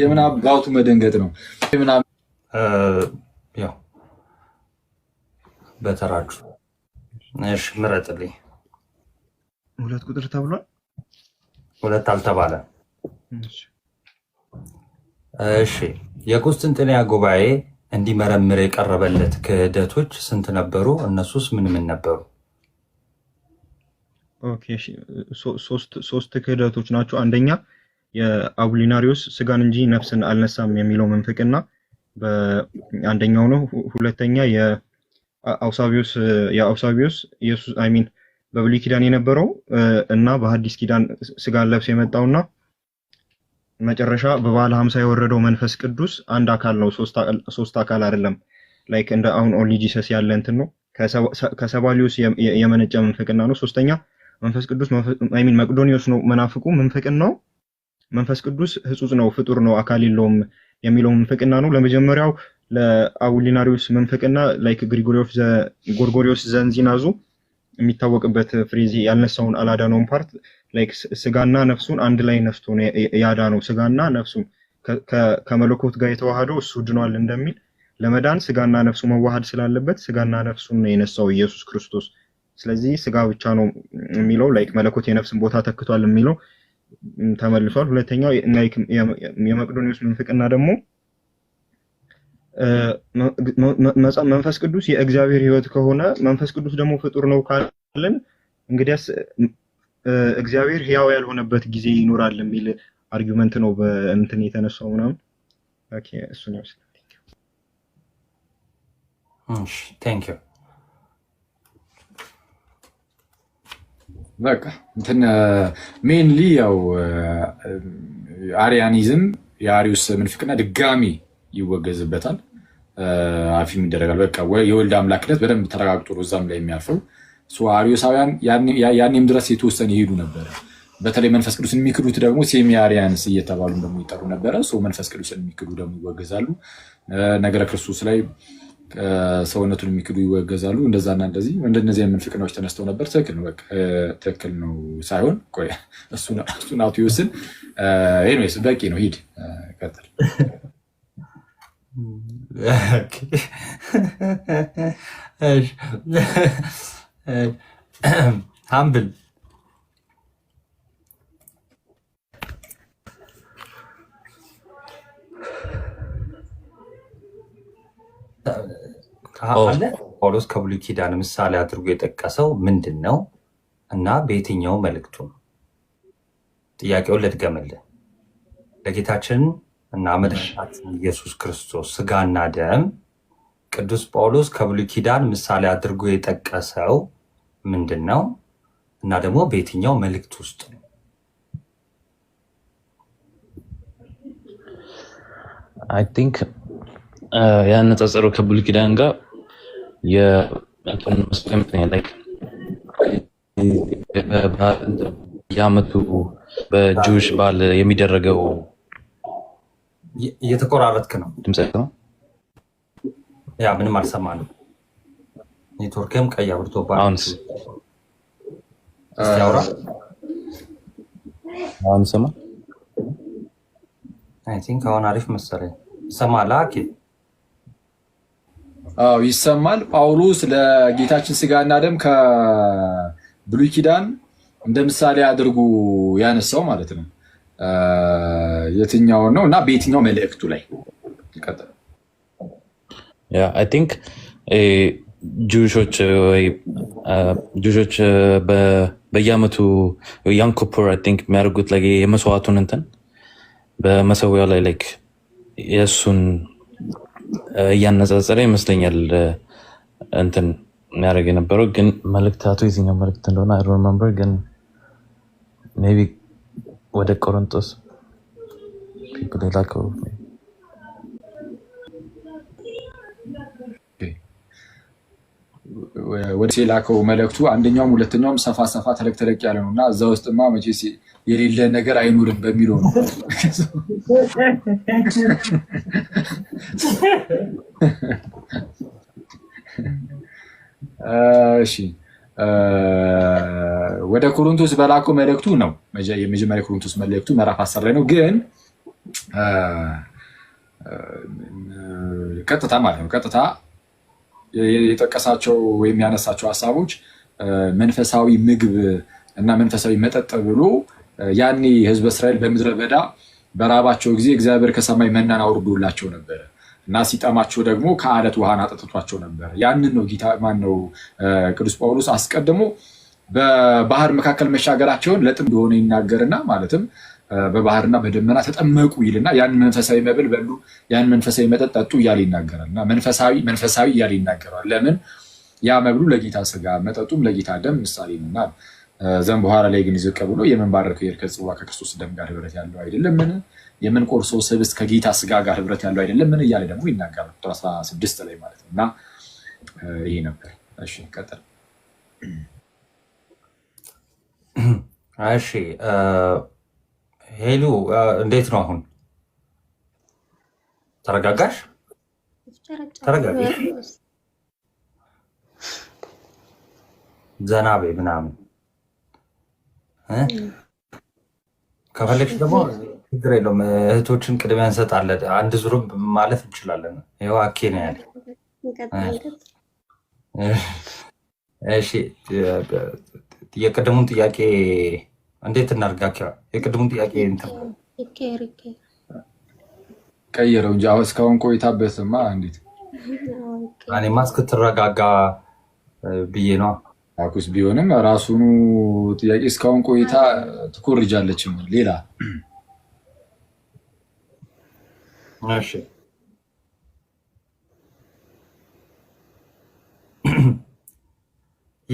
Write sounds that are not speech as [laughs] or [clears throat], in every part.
የምን አባቱ መደንገጥ ነው። ያው በተራችሁ እሺ፣ ምረጥልኝ። ሁለት ቁጥር ተብሏል። ሁለት አልተባለ። እሺ፣ የቁስጥንጥንያ ጉባኤ እንዲመረምር የቀረበለት ክህደቶች ስንት ነበሩ? እነሱስ ምን ምን ነበሩ? ሶስት ክህደቶች ናቸው። አንደኛ የአቡሊናሪዎስ ስጋን እንጂ ነፍስን አልነሳም የሚለው መንፍቅና አንደኛው ነው። ሁለተኛ የአውሳቢዮስ የአውሳቢዮስ ኢየሱስ አይ ሚን በብሉይ ኪዳን የነበረው እና በሐዲስ ኪዳን ስጋን ለብስ የመጣውና መጨረሻ በበዓለ ሀምሳ የወረደው መንፈስ ቅዱስ አንድ አካል ነው፣ ሶስት አካል አይደለም። ላይክ እንደ አሁን ኦንሊ ጂሰስ ያለ እንትን ነው። ከሰባሊዮስ የመነጨ መንፍቅና ነው። ሶስተኛ መንፈስ ቅዱስ አይ ሚን መቅዶኒዮስ ነው መናፍቁ መንፍቅን ነው መንፈስ ቅዱስ ህጹጽ ነው፣ ፍጡር ነው፣ አካል የለውም የሚለው ምንፍቅና ነው። ለመጀመሪያው ለአውሊናሪዎስ ምንፍቅና ላይክ ግሪጎሪዎስ ጎርጎሪዎስ ዘንዚናዙ የሚታወቅበት ፍሬዚ ያልነሳውን አላዳነውን ፓርት ላይክ ስጋና ነፍሱን አንድ ላይ ያዳ ነው። ስጋና ነፍሱን ከመለኮት ጋር የተዋህደው እሱ ድኗል እንደሚል ለመዳን ስጋና ነፍሱ መዋሃድ ስላለበት ስጋና ነፍሱን ነው የነሳው ኢየሱስ ክርስቶስ። ስለዚህ ስጋ ብቻ ነው የሚለው ላይክ መለኮት የነፍስን ቦታ ተክቷል የሚለው ተመልሷል። ሁለተኛው የመቅዶኒዎስ ምንፍቅና ደግሞ መንፈስ ቅዱስ የእግዚአብሔር ሕይወት ከሆነ መንፈስ ቅዱስ ደግሞ ፍጡር ነው ካለን እንግዲያስ እግዚአብሔር ሕያው ያልሆነበት ጊዜ ይኖራል የሚል አርጊመንት ነው በእንትን የተነሳው ምናምን እሱን ይመስላል። ቴንክ ዩ በቃ እንትን ሜንሊ ያው አሪያኒዝም የአሪውስ ምንፍቅና ድጋሚ ይወገዝበታል፣ አፊም ይደረጋል። በቃ የወልድ አምላክነት በደንብ ተረጋግጦ እዛም ላይ የሚያልፈው አሪዮሳውያን ያኔም ድረስ የተወሰነ ይሄዱ ነበረ። በተለይ መንፈስ ቅዱስን የሚክዱት ደግሞ ሴሚ አሪያንስ እየተባሉ ደግሞ ይጠሩ ነበረ። መንፈስ ቅዱስን የሚክዱ ደግሞ ይወገዛሉ። ነገረ ክርስቶስ ላይ ሰውነቱን የሚክዱ ይወገዛሉ። እንደዛና እንደዚህ እንደነዚህ የምንፍቅናዎች ተነስተው ነበር። ትክክል ነው፣ ትክክል ነው ሳይሆን እሱን አቱ ይወስን። ኤኒዌይስ በቂ ነው። ሂድ ቀጥል። ሀምብል ጳውሎስ ከብሉይ ኪዳን ምሳሌ አድርጎ የጠቀሰው ምንድን ነው እና በየትኛው መልእክቱ ነው? ጥያቄውን ልድገምልህ። ለጌታችን እና መድኃኒታችን ኢየሱስ ክርስቶስ ስጋና ደም ቅዱስ ጳውሎስ ከብሉይ ኪዳን ምሳሌ አድርጎ የጠቀሰው ምንድን ነው እና ደግሞ በየትኛው መልእክት ውስጥ ነው? አይ ቲንክ ያን ከብሉይ ኪዳን ጋር የአመቱ በጁሽ በዓል የሚደረገው እየተቆራረጥክ ነው። ድምፅ ነው ያ ምንም አልሰማንም። ኔትወርክም ቀይ አብርቶብሃል። አሁንስ አውራ አሁን ይሰማል። አይ ቲንክ አሁን አሪፍ መሰለኝ። ይሰማል አኬ አዎ ይሰማል። ጳውሎስ ለጌታችን ስጋና ደም ከብሉይ ኪዳን እንደ ምሳሌ አድርጉ ያነሳው ማለት ነው የትኛውን ነው እና በየትኛው መልእክቱ ላይ አይ ቲንክ ጁሾች በየአመቱ ያን ኩፑር አይ ቲንክ የሚያደርጉት የመስዋዕቱን እንትን በመሰዊያው ላይ ላይክ የእሱን እያነጻጸረ ይመስለኛል እንትን የሚያደርግ የነበረው ግን መልእክታቱ የትኛው መልእክት እንደሆነ አይ ሪመምበር ግን ሜይ ቢ ወደ ቆሮንቶስ ወደ ሴላከው መልእክቱ አንደኛውም ሁለተኛውም ሰፋ ሰፋ ተለቅ ተለቅ ያለ ነው እና እዛ ውስጥማ መቼ የሌለ ነገር አይኖርም በሚለው ነው [laughs] እሺ ወደ ኮሪንቶስ በላከው መልእክቱ ነው። የመጀመሪያ ኮሮንቶስ መልእክቱ ምዕራፍ አስር ላይ ነው። ግን ቀጥታ ማለት ነው ቀጥታ የጠቀሳቸው ወይም ያነሳቸው ሀሳቦች መንፈሳዊ ምግብ እና መንፈሳዊ መጠጥ ብሎ ያኔ ህዝብ እስራኤል በምድረ በዳ በራባቸው ጊዜ እግዚአብሔር ከሰማይ መናን አውርዶላቸው ነበረ እና ሲጠማቸው ደግሞ ከአለት ውሃን አጠጥቷቸው ነበረ። ያንን ነው ጌታ ማን ነው ቅዱስ ጳውሎስ አስቀድሞ በባህር መካከል መሻገራቸውን ለጥም እንደሆነ ይናገርና ማለትም በባህርና በደመና ተጠመቁ ይልና ያን መንፈሳዊ መብል በሉ፣ ያን መንፈሳዊ መጠጥ ጠጡ እያለ ይናገራል እና መንፈሳዊ መንፈሳዊ እያለ ይናገራል። ለምን ያ መብሉ ለጌታ ስጋ መጠጡም ለጌታ ደም ምሳሌ ነውና ዘን በኋላ ላይ ግን ይዞ ብሎ የምንባርከው የእርከ ጽዋ ከክርስቶስ ደም ጋር ህብረት ያለው አይደለምን? የምንቆርሰው ስብስ ከጌታ ስጋ ጋር ህብረት ያለው አይደለምን? እያለ ደግሞ ይናገራል ቁጥር 16 ላይ ማለት ነው። እና ይሄ ነበር። እሺ ቀጥል። እሺ ሄሉ እንዴት ነው አሁን? ተረጋጋሽ? ተረጋጋሽ? ዘናቤ ምናምን ከፈለግሽ ደግሞ ችግር የለውም። እህቶችን ቅድሚያ እንሰጣለን። አንድ ዙር ማለት እንችላለን። ይኸው አኬ ነው ያለ። እሺ የቅድሙን ጥያቄ እንዴት እናድርግ? የቅድሙን ጥያቄ ቀየረው እንጂ እስካሁን ቆይታ በስማ እንዴት እኔማ እስክትረጋጋ ብዬ ነው። አኩስ ቢሆንም ራሱኑ ጥያቄ እስካሁን ቆይታ ትኮርጃለች። ሌላ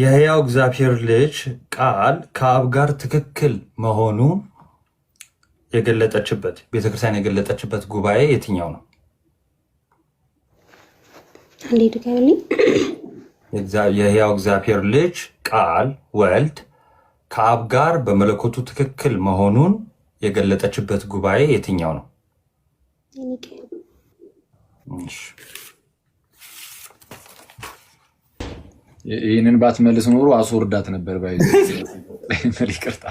የህያው እግዚአብሔር ልጅ ቃል ከአብ ጋር ትክክል መሆኑ የገለጠችበት ቤተክርስቲያን የገለጠችበት ጉባኤ የትኛው ነው? የሕያው እግዚአብሔር ልጅ ቃል ወልድ ከአብ ጋር በመለኮቱ ትክክል መሆኑን የገለጠችበት ጉባኤ የትኛው ነው? ይህንን ባትመልስ ኖሮ አስወርዳት ነበር። ይቅርታ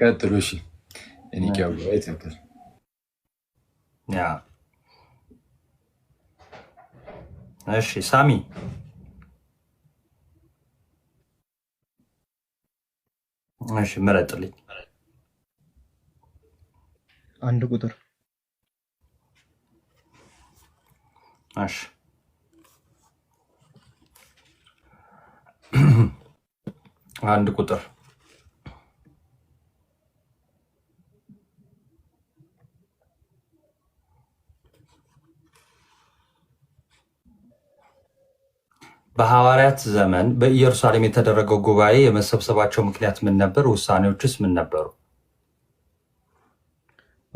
ቀጥሎ En ik jou weet het. Ja. እሺ ሳሚ እሺ፣ ምረጥልኝ አንድ ቁጥር። እሺ አንድ ቁጥር በሐዋርያት ዘመን በኢየሩሳሌም የተደረገው ጉባኤ የመሰብሰባቸው ምክንያት ምን ነበር? ውሳኔዎችስ ምን ነበሩ?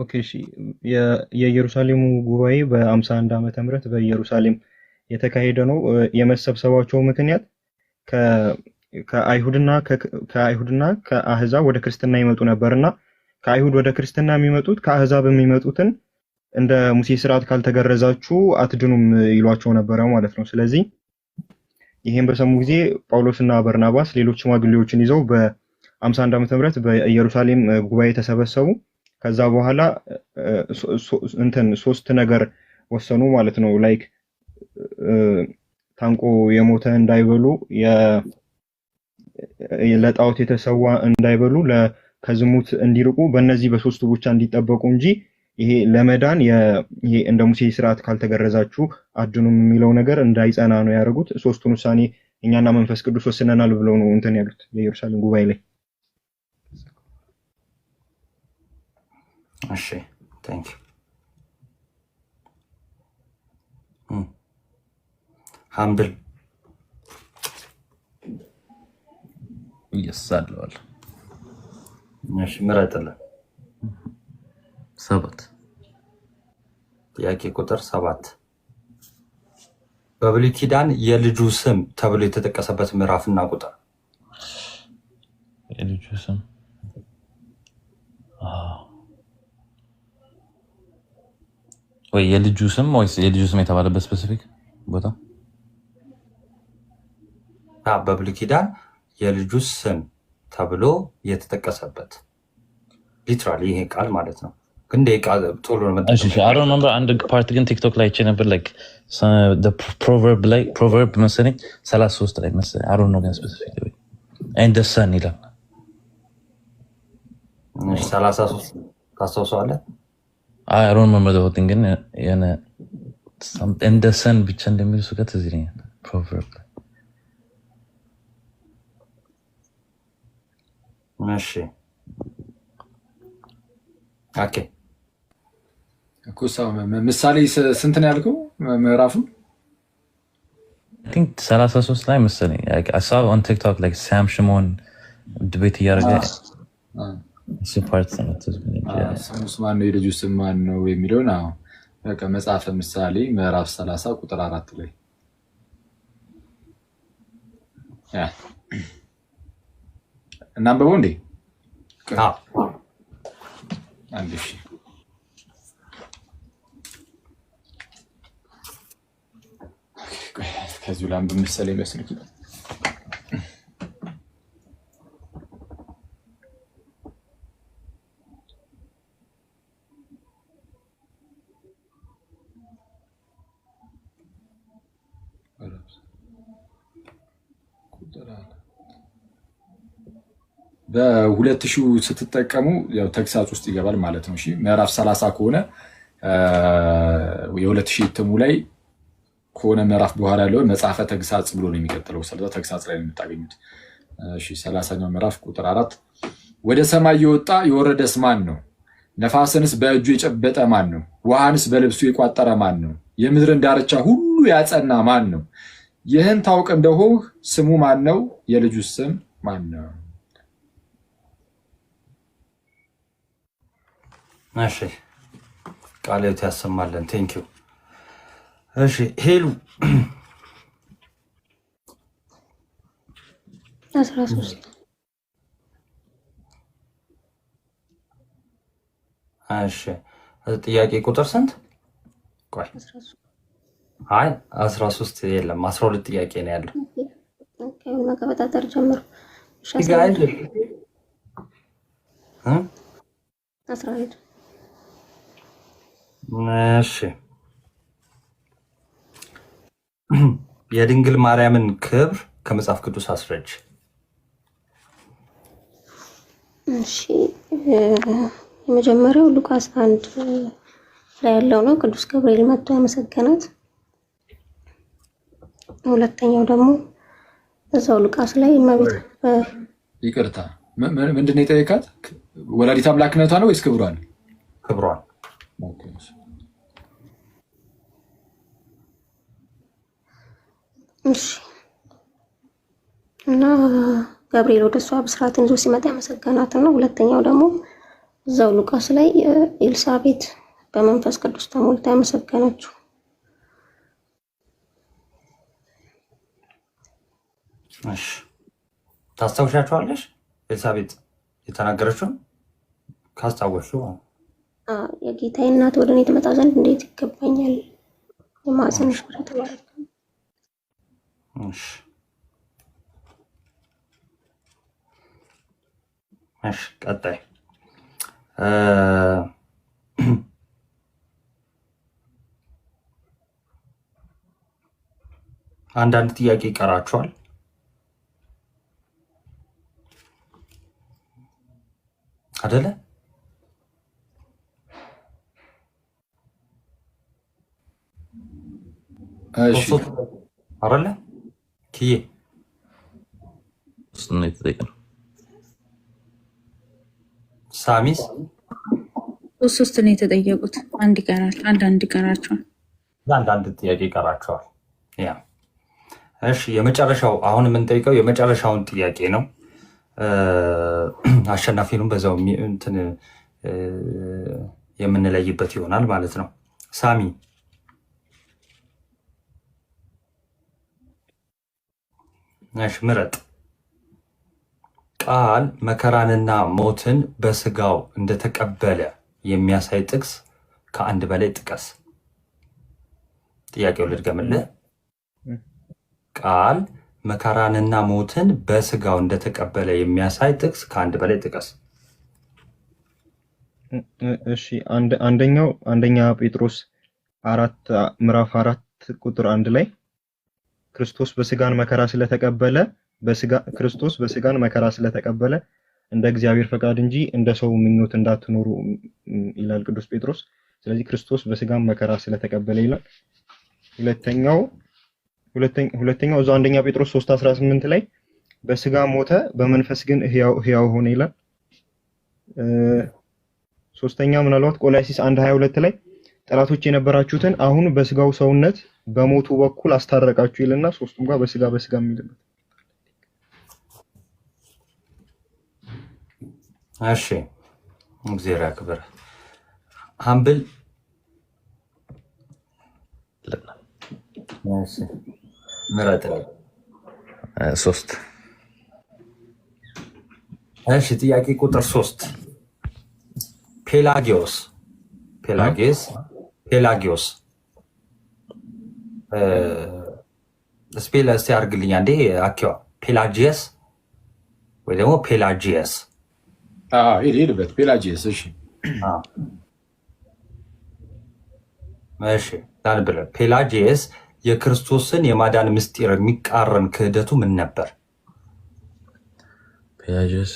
ኦኬ እሺ። የኢየሩሳሌሙ ጉባኤ በ51 ዓመተ ምህረት በኢየሩሳሌም የተካሄደ ነው። የመሰብሰባቸው ምክንያት ከአይሁድና ከአህዛብ ወደ ክርስትና ይመጡ ነበርና ከአይሁድ ወደ ክርስትና የሚመጡት ከአህዛብ የሚመጡትን እንደ ሙሴ ስርዓት ካልተገረዛችሁ አትድኑም ይሏቸው ነበረ ማለት ነው። ስለዚህ ይህም በሰሙ ጊዜ ጳውሎስና በርናባስ ሌሎች ሽማግሌዎችን ይዘው በ51 ዓመተ ምህረት በኢየሩሳሌም ጉባኤ ተሰበሰቡ። ከዛ በኋላ እንትን ሶስት ነገር ወሰኑ ማለት ነው። ላይክ ታንቆ የሞተ እንዳይበሉ፣ ለጣዖት የተሰዋ እንዳይበሉ፣ ከዝሙት እንዲርቁ፣ በእነዚህ በሶስቱ ብቻ እንዲጠበቁ እንጂ ይሄ ለመዳን ይሄ እንደ ሙሴ ስርዓት ካልተገረዛችሁ አድኑም የሚለው ነገር እንዳይጸና ነው ያደረጉት። ሶስቱን ውሳኔ እኛና መንፈስ ቅዱስ ወስነናል ብለው ነው እንትን ያሉት የኢየሩሳሌም ጉባኤ ላይ። እሺ ታንክ ዩ እየሳለዋል ምረጥልን ሰባት ጥያቄ ቁጥር ሰባት በብሉይ ኪዳን የልጁ ስም ተብሎ የተጠቀሰበት ምዕራፍና ቁጥር የልጁ ስም ወይ የልጁ ስም ወይ የልጁ ስም የተባለበት ስፔሲፊክ ቦታ በብሉይ ኪዳን የልጁ ስም ተብሎ የተጠቀሰበት ሊትራሊ ይሄ ቃል ማለት ነው። ግን ቶሎ አንድ ፓርት ግን ቲክቶክ ላይ አይቼ ነበር። ፕሮቨርብ ላይ ፕሮቨርብ መሰለኝ ሰላሳ ሶስት ላይ መሰለኝ አሮ ነው ግን ስፔሲፊክ ይላል። ሰላሳ ሰን ብቻ እንደሚል ጋር ትዝ ይለኛል። ፕሮቨርብ እሺ ኦኬ ምሳሌ ስንት ነው ያልከው? ምዕራፉ ሰላሳ ሶስት ላይ መሰለኝ። ኦን ቲክቶክ ላይ ሳም ሽሞን ድቤት እያደረገ ስሙስ ah. ማን ah. ah, ነው የልጁ ስም ማን ነው የሚለውን መጽሐፈ ምሳሌ ምዕራፍ ሰላሳ ቁጥር አራት ላይ እናንበበው እንዴ ከዚሁ ላንብ መሰለ ይመስል በሁለት ሺ ስትጠቀሙ ተግሳጽ ውስጥ ይገባል ማለት ነው። ምዕራፍ ሰላሳ ከሆነ የሁለት ሺ እትሙ ላይ ከሆነ ምዕራፍ በኋላ ያለውን መጽሐፈ ተግሳጽ ብሎ ነው የሚቀጥለው። ስለዛ ተግሳጽ ላይ ነው የምታገኙት። ሰላሳኛው ምዕራፍ ቁጥር አራት ወደ ሰማይ የወጣ የወረደስ ማን ነው? ነፋስንስ በእጁ የጨበጠ ማን ነው? ውሃንስ በልብሱ የቋጠረ ማን ነው? የምድርን ዳርቻ ሁሉ ያጸና ማን ነው? ይህን ታውቅ እንደሆ ስሙ ማን ነው? የልጁ ስም ማን ነው? እሺ ቃልዮት ያሰማለን። ቴንኪው እሺ ሄሉ አስራ ሶስት እሺ ጥያቄ ቁጥር ስንት? ቆይ አይ አስራ ሶስት የለም አስራ ሁለት ጥያቄ ነው ያለው። መቀበጣጠር ጀምሮ ጀምሩ። እሺ የድንግል ማርያምን ክብር ከመጽሐፍ ቅዱስ አስረጅ። እሺ የመጀመሪያው ሉቃስ አንድ ላይ ያለው ነው፣ ቅዱስ ገብርኤል መጥቶ ያመሰገናት። ሁለተኛው ደግሞ እዛው ሉቃስ ላይ መቤት ይቅርታ፣ ምንድን ነው የጠየቃት? ወላዲት አምላክነቷ ነው ወይስ ክብሯን? እሺ እና ገብርኤል ወደ እሷ ብስራትን ይዞ ሲመጣ ያመሰገናት ነው። ሁለተኛው ደግሞ እዛው ሉቃስ ላይ ኤልሳቤት በመንፈስ ቅዱስ ተሞልታ ያመሰገነችው። እሺ ታስታውሻቸዋለሽ? ኤልሳቤት የተናገረችው ካስታወሽው የጌታዬ እናት ወደ እኔ ትመጣ ዘንድ እንዴት ይገባኛል? የማዘንሽ ፍሬ ተባረክ እሺ እሺ ቀጣይ [clears throat] አንዳንድ ጥያቄ ይቀራችኋል። አደለ አረለ ክዬ እሱ ነው የተጠየቅነው። ሳሚስ ሶስት ነው የተጠየቁት። አንድ ይቀራል። አንድ አንድ ይቀራቸዋል። አንድ አንድ ጥያቄ ይቀራቸዋል። ያ እሺ፣ የመጨረሻው አሁን የምንጠይቀው የመጨረሻውን ጥያቄ ነው። አሸናፊንም በዛው እንትን የምንለይበት ይሆናል ማለት ነው። ሳሚ አሽምረጥ ቃል መከራንና ሞትን በስጋው እንደተቀበለ የሚያሳይ ጥቅስ ከአንድ በላይ ጥቀስ። ጥያቄው ልድገምልህ። ቃል መከራንና ሞትን በስጋው እንደተቀበለ የሚያሳይ ጥቅስ ከአንድ በላይ ጥቀስ። እሺ አንደኛው አንደኛ ጴጥሮስ አራት ምዕራፍ አራት ቁጥር አንድ ላይ ክርስቶስ በስጋን መከራ ስለተቀበለ በስጋ ክርስቶስ በስጋን መከራ ስለተቀበለ እንደ እግዚአብሔር ፈቃድ እንጂ እንደ ሰው ምኞት እንዳትኖሩ ይላል ቅዱስ ጴጥሮስ። ስለዚህ ክርስቶስ በስጋን መከራ ስለተቀበለ ይላል። ሁለተኛው ሁለተኛው እዛው አንደኛ ጴጥሮስ 3:18 ላይ በስጋ ሞተ በመንፈስ ግን ህያው ሆነ ይላል። ሶስተኛ ምናልባት ቆላሲስ 1:22 ላይ ጠላቶች የነበራችሁትን አሁን በስጋው ሰውነት በሞቱ በኩል አስታረቃችሁ ይልና ሶስቱም ጋር በስጋ በስጋ የሚልበት። እሺ እግዚአብሔር ያክብር። አምብል ምረጥ። ሶስት እሺ ጥያቄ ቁጥር ሶስት ፔላጌዎስ ፔላጌስ ፔላጊዮስ ስፔል እስቲ አድርግልኝ አንዴ አኪዋ ፔላጂየስ ወይ ደግሞ ፔላጂየስ ሄድበት ፔላጂየስ። እሺ እሺ ብለ ፔላጂየስ የክርስቶስን የማዳን ምስጢር የሚቃረን ክህደቱ ምን ነበር? ፔላጂየስ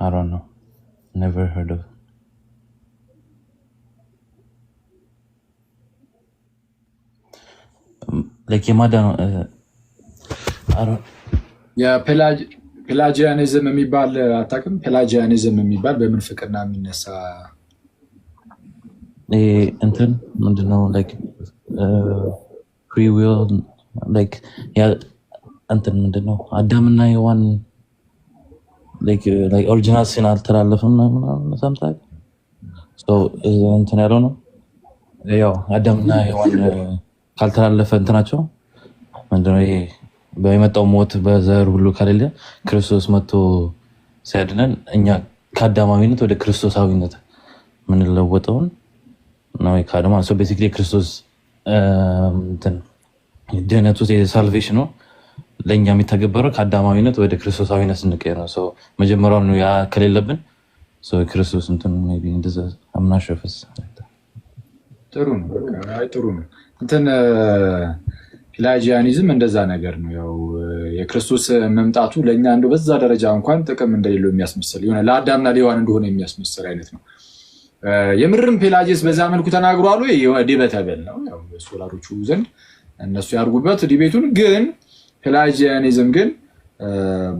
I don't know. Never heard of. Um, like Yamada, uh, I don't. የፔላጂያኒዝም የሚባል አታውቅም? ፔላጂያኒዝም የሚባል በምን ፍቅርና የሚነሳ እንትን ምንድነው? ፍሪ ዊል እንትን ምንድነው? አዳምና የዋን ኦሪጂናል ሲን አልተላለፍም ምናምን እንትን ያለው ነው ያው አዳምና ሔዋን ካልተላለፈ እንትናቸው ምንድነው ይሄ ሞት በዘር ሁሉ ከሌለ ክርስቶስ መጥቶ ሲያድነን እኛ ከአዳማዊነት ወደ ክርስቶሳዊነት የምንለወጠውን ነው። ከአዳማ ቤሲክሊ ክርስቶስ ድህነት ውስጥ የሳልቬሽን ነው። ለእኛ የሚተገበረው ከአዳማዊነት ወደ ክርስቶሳዊነት ስንቀይር ነው። ሰው መጀመሪያ ነው ያ ከሌለብን ሰው ክርስቶስ እንትን እንደዛ ጥሩ ነው። ጥሩ ነው። እንትን ፒላጂያኒዝም እንደዛ ነገር ነው። ያው የክርስቶስ መምጣቱ ለእኛ እንደ በዛ ደረጃ እንኳን ጥቅም እንደሌለው የሚያስመስል ሆነ ለአዳምና ሌዋን እንደሆነ የሚያስመስል አይነት ነው። የምርም ፔላጅስ በዛ መልኩ ተናግሯሉ። ዲበተብል ነው ሶላሮቹ ዘንድ እነሱ ያርጉበት ዲቤቱን ግን ፔላጂያኒዝም ግን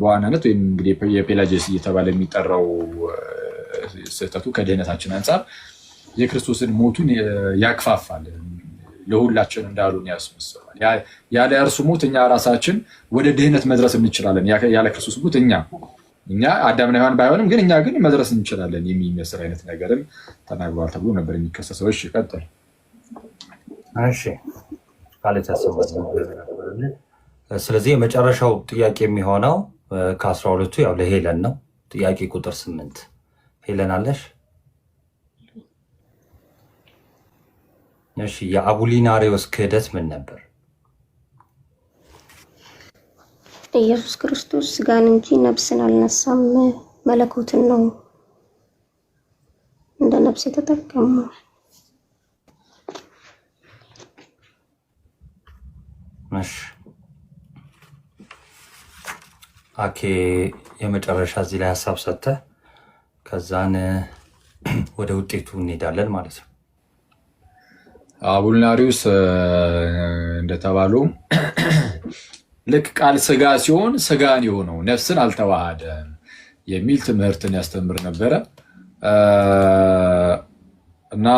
በዋናነት ወይም እንግዲህ የፔላጂስ እየተባለ የሚጠራው ስህተቱ ከድህነታችን አንጻር የክርስቶስን ሞቱን ያክፋፋል፣ ለሁላችን እንዳሉን ያስመስላል። ያለ እርሱ ሞት እኛ ራሳችን ወደ ድህነት መድረስ እንችላለን። ያለ ክርስቶስ ሞት እኛ እኛ አዳምና ሔዋን ባይሆንም ግን እኛ ግን መድረስ እንችላለን የሚመስል አይነት ነገርም ተናግሯል ተብሎ ነበር የሚከሰሰው። እሺ ቀጥል። እሺ ስለዚህ የመጨረሻው ጥያቄ የሚሆነው ከአስራ ሁለቱ ያው ለሄለን ነው። ጥያቄ ቁጥር ስምንት ሄለን አለሽ? እሺ የአቡሊናሪዎስ ክህደት ምን ነበር? ኢየሱስ ክርስቶስ ስጋን እንጂ ነፍስን አልነሳም፣ መለኮትን ነው እንደ ነፍስ የተጠቀመው። እሺ አኬ የመጨረሻ እዚህ ላይ ሀሳብ ሰጥተ ከዛን [clears throat] ወደ ውጤቱ እንሄዳለን ማለት ነው። አቡልናሪውስ እንደተባሉ [clears throat] ልክ ቃል ስጋ ሲሆን ስጋን የሆነው ነፍስን አልተዋሃደ የሚል ትምህርትን ያስተምር ነበረ እና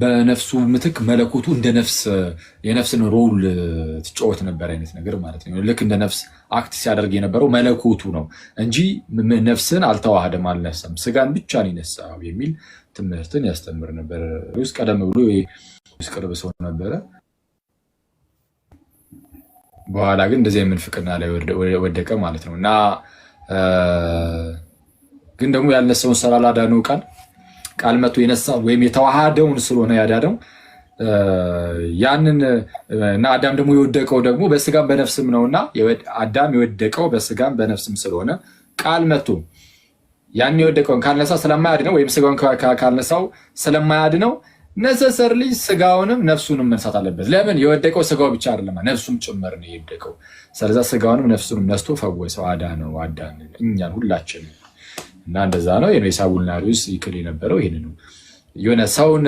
በነፍሱ ምትክ መለኮቱ እንደ ነፍስ የነፍስን ሮል ትጫወት ነበር አይነት ነገር ማለት ነው። ልክ እንደ ነፍስ አክት ሲያደርግ የነበረው መለኮቱ ነው እንጂ ነፍስን አልተዋህደም፣ አልነሳም፣ ስጋን ብቻ ነው የነሳው የሚል ትምህርትን ያስተምር ነበር። ስ ቀደም ብሎ ውስጥ ቅርብ ሰው ነበረ። በኋላ ግን እንደዚህ የምንፍቅና ላይ ወደቀ ማለት ነው እና ግን ደግሞ ያልነሳውን ሰራ ላዳነው ቃል ቃል መቶ የነሳ ወይም የተዋሃደውን ስለሆነ ያዳነው ያንን እና አዳም ደግሞ የወደቀው ደግሞ በስጋም በነፍስም ነውና አዳም የወደቀው በስጋም በነፍስም ስለሆነ ቃል መቶ ያን የወደቀውን ካልነሳ ስለማያድነው ወይም ስጋውን ካልነሳው ስለማያድነው ነሰሰር ልጅ ስጋውንም ነፍሱንም መንሳት አለበት። ለምን የወደቀው ስጋው ብቻ አይደለም ነፍሱም ጭምር ነው የወደቀው። ስለዚ ስጋውንም ነፍሱንም ነስቶ ፈወሰው፣ አዳነው፣ አዳነን እኛን ሁላችንን እና እንደዛ ነው የሳቡል ቡልናሪስ ይክል የነበረው ይህን ነው። የሆነ ሰውን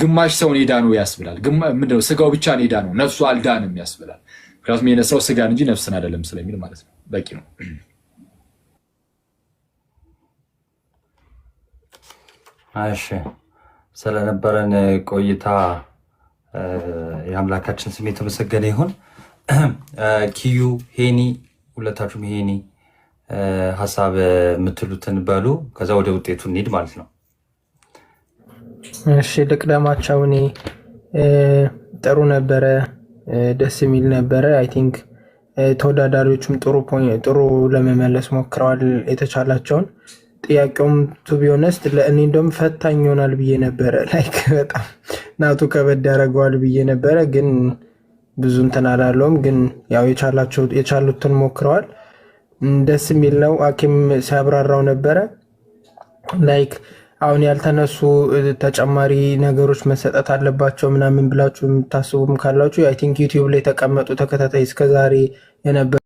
ግማሽ ሰውን ነው ያስብላል። ምንድነው ስጋው ብቻ ነው ነፍሱ አልዳንም ያስብላል። ምክንያቱም ሰው ስጋን እንጂ ነፍስን አይደለም ስለሚል ማለት ነው። በቂ ነው። እሺ ስለነበረን ቆይታ የአምላካችን ስም የተመሰገነ ይሁን። [clears throat] ኪዩ ሄኒ፣ ሁለታችሁም ሄኒ ሀሳብ የምትሉትን በሉ። ከዛ ወደ ውጤቱ እንሂድ ማለት ነው። እሺ ልቅደማቸው። እኔ ጥሩ ነበረ፣ ደስ የሚል ነበረ። አይ ቲንክ ተወዳዳሪዎቹም ጥሩ ለመመለስ ሞክረዋል የተቻላቸውን። ጥያቄውም ቱ ቢሆነስት ለእኔ እንደውም ፈታኝ ይሆናል ብዬ ነበረ። [laughs] ላይክ በጣም ናቱ ከበድ ያደረገዋል ብዬ ነበረ፣ ግን ብዙ እንትን አላለውም። ግን ያው የቻሉትን ሞክረዋል። ደስ የሚል ነው። ሐኪም ሲያብራራው ነበረ ላይክ አሁን ያልተነሱ ተጨማሪ ነገሮች መሰጠት አለባቸው ምናምን ብላችሁ የምታስቡም ካላችሁ አይ ቲንክ ዩቲዩብ ላይ የተቀመጡ ተከታታይ እስከዛሬ የነበረ